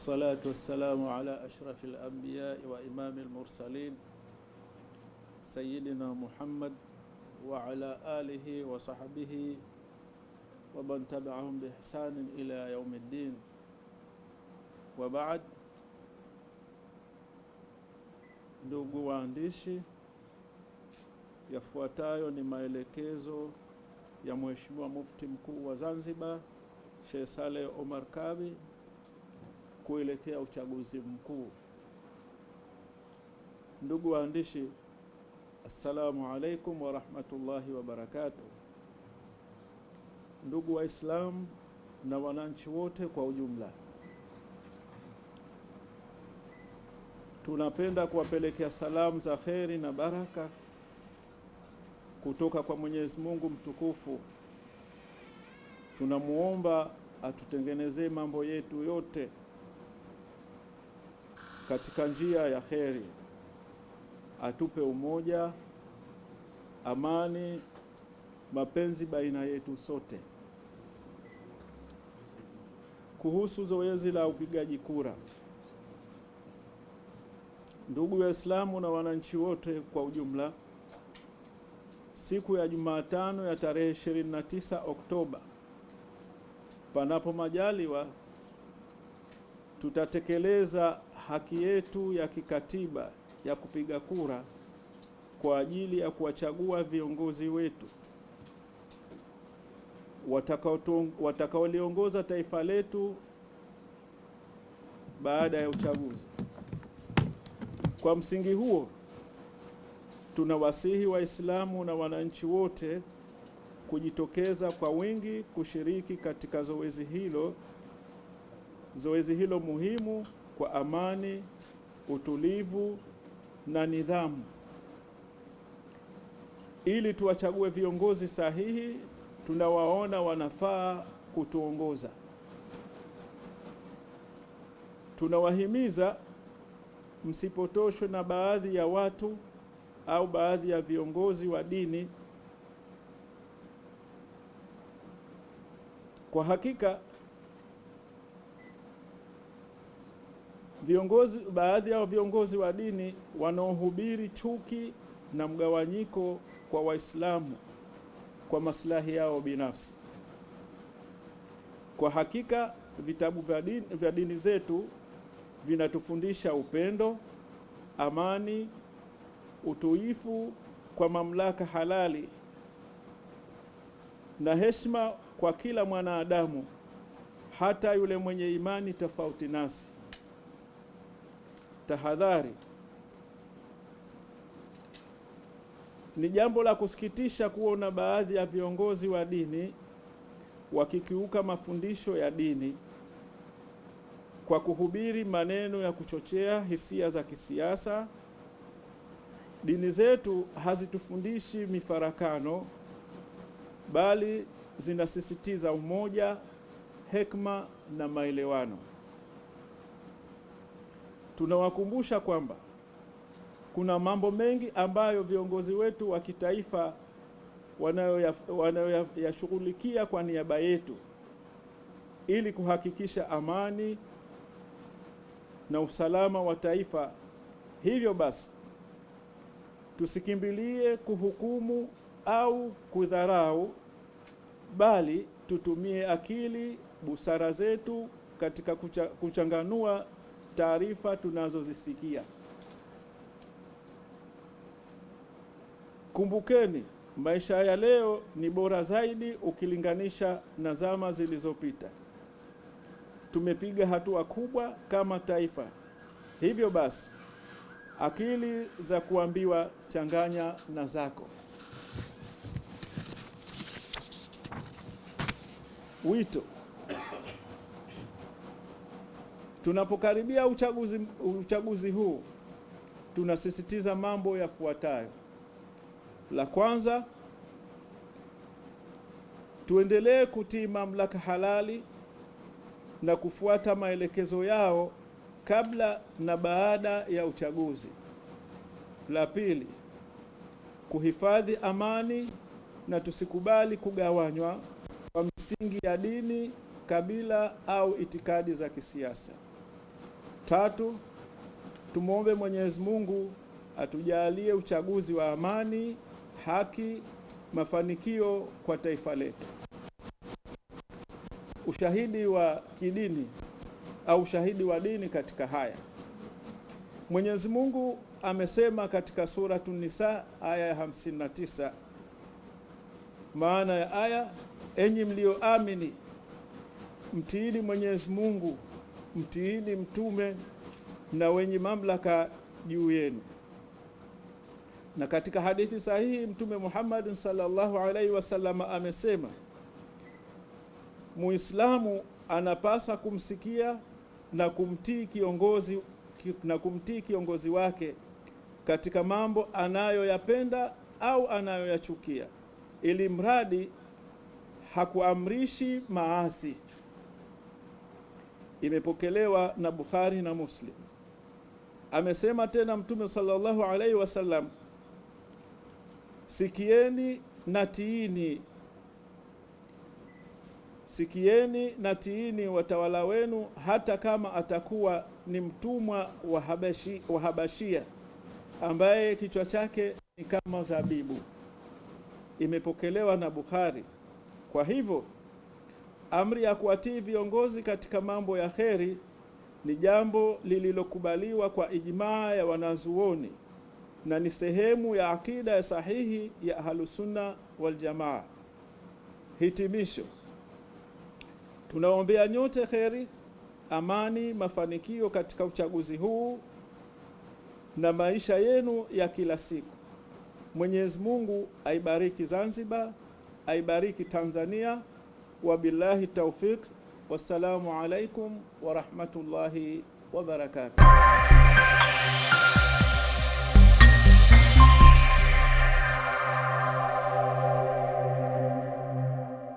والصلاة والسلام على أشرف الأنبياء وإمام المرسلين سيدنا محمد وعلى آله وصحبه ومن تبعهم بإحسان إلى يوم الدين وبعد Ndugu waandishi, yafuatayo ni maelekezo ya Mheshimiwa Mufti Mkuu wa Zanzibar Sheikh Saleh Omar Kabi kuelekea uchaguzi mkuu. Ndugu waandishi, assalamu alaikum warahmatullahi wabarakatu Ndugu Waislamu na wananchi wote kwa ujumla, tunapenda kuwapelekea salamu za kheri na baraka kutoka kwa Mwenyezi Mungu mtukufu. Tunamuomba atutengenezee mambo yetu yote katika njia ya heri atupe umoja, amani, mapenzi baina yetu sote. Kuhusu zoezi la upigaji kura, ndugu Waislamu na wananchi wote kwa ujumla, siku ya Jumatano ya tarehe 29 Oktoba, panapo majaliwa, tutatekeleza haki yetu ya kikatiba ya kupiga kura kwa ajili ya kuwachagua viongozi wetu watakaoliongoza taifa letu baada ya uchaguzi. Kwa msingi huo, tunawasihi Waislamu na wananchi wote kujitokeza kwa wingi kushiriki katika zoezi hilo, zoezi hilo muhimu kwa amani, utulivu na nidhamu, ili tuwachague viongozi sahihi tunawaona wanafaa kutuongoza. Tunawahimiza msipotoshwe na baadhi ya watu au baadhi ya viongozi wa dini. Kwa hakika viongozi, baadhi yao viongozi wa dini wanaohubiri chuki na mgawanyiko kwa Waislamu kwa maslahi yao binafsi. Kwa hakika vitabu vya dini, vya dini zetu vinatufundisha upendo, amani, utuifu kwa mamlaka halali na heshima kwa kila mwanadamu, hata yule mwenye imani tofauti nasi. Tahadhari. Ni jambo la kusikitisha kuona baadhi ya viongozi wa dini wakikiuka mafundisho ya dini kwa kuhubiri maneno ya kuchochea hisia za kisiasa. Dini zetu hazitufundishi mifarakano, bali zinasisitiza umoja, hekma na maelewano tunawakumbusha kwamba kuna mambo mengi ambayo viongozi wetu wa kitaifa wanayoyashughulikia kwa niaba yetu ili kuhakikisha amani na usalama wa taifa. Hivyo basi, tusikimbilie kuhukumu au kudharau, bali tutumie akili, busara zetu katika kucha, kuchanganua taarifa tunazozisikia. Kumbukeni, maisha ya leo ni bora zaidi ukilinganisha na zama zilizopita. Tumepiga hatua kubwa kama taifa. Hivyo basi, akili za kuambiwa changanya na zako. Wito Tunapokaribia uchaguzi, uchaguzi huu tunasisitiza mambo yafuatayo. La kwanza, tuendelee kutii mamlaka halali na kufuata maelekezo yao kabla na baada ya uchaguzi. La pili, kuhifadhi amani na tusikubali kugawanywa kwa misingi ya dini, kabila au itikadi za kisiasa. Tatu, tumwombe Mwenyezi Mungu atujalie uchaguzi wa amani, haki, mafanikio kwa taifa letu. Ushahidi wa kidini au ushahidi wa dini katika haya, Mwenyezi Mungu amesema katika Suratu Nisa aya ya 59, maana ya aya, enyi mlioamini mtiini Mwenyezi Mungu mtiini mtume na wenye mamlaka juu yenu. Na katika hadithi sahihi Mtume Muhammad sallallahu alaihi wasallam amesema, Muislamu anapasa kumsikia na kumtii kiongozi na kumtii kiongozi wake katika mambo anayoyapenda au anayoyachukia, ili mradi hakuamrishi maasi imepokelewa na Bukhari na Muslim. Amesema tena Mtume sallallahu alaihi wasallam, sikieni na tiini, sikieni na tiini watawala wenu, hata kama atakuwa ni mtumwa wa Habashi, wa Habashia ambaye kichwa chake ni kama zabibu. Imepokelewa na Bukhari. Kwa hivyo Amri ya kuwatii viongozi katika mambo ya kheri ni jambo lililokubaliwa kwa ijmaa ya wanazuoni na ni sehemu ya akida ya sahihi ya Ahlusunna Waljamaa. Hitimisho, tunaombea nyote kheri, amani, mafanikio katika uchaguzi huu na maisha yenu ya kila siku. Mwenyezi Mungu aibariki Zanzibar, aibariki Tanzania وبالله التوفيق والسلام عليكم ورحمة الله وبركاته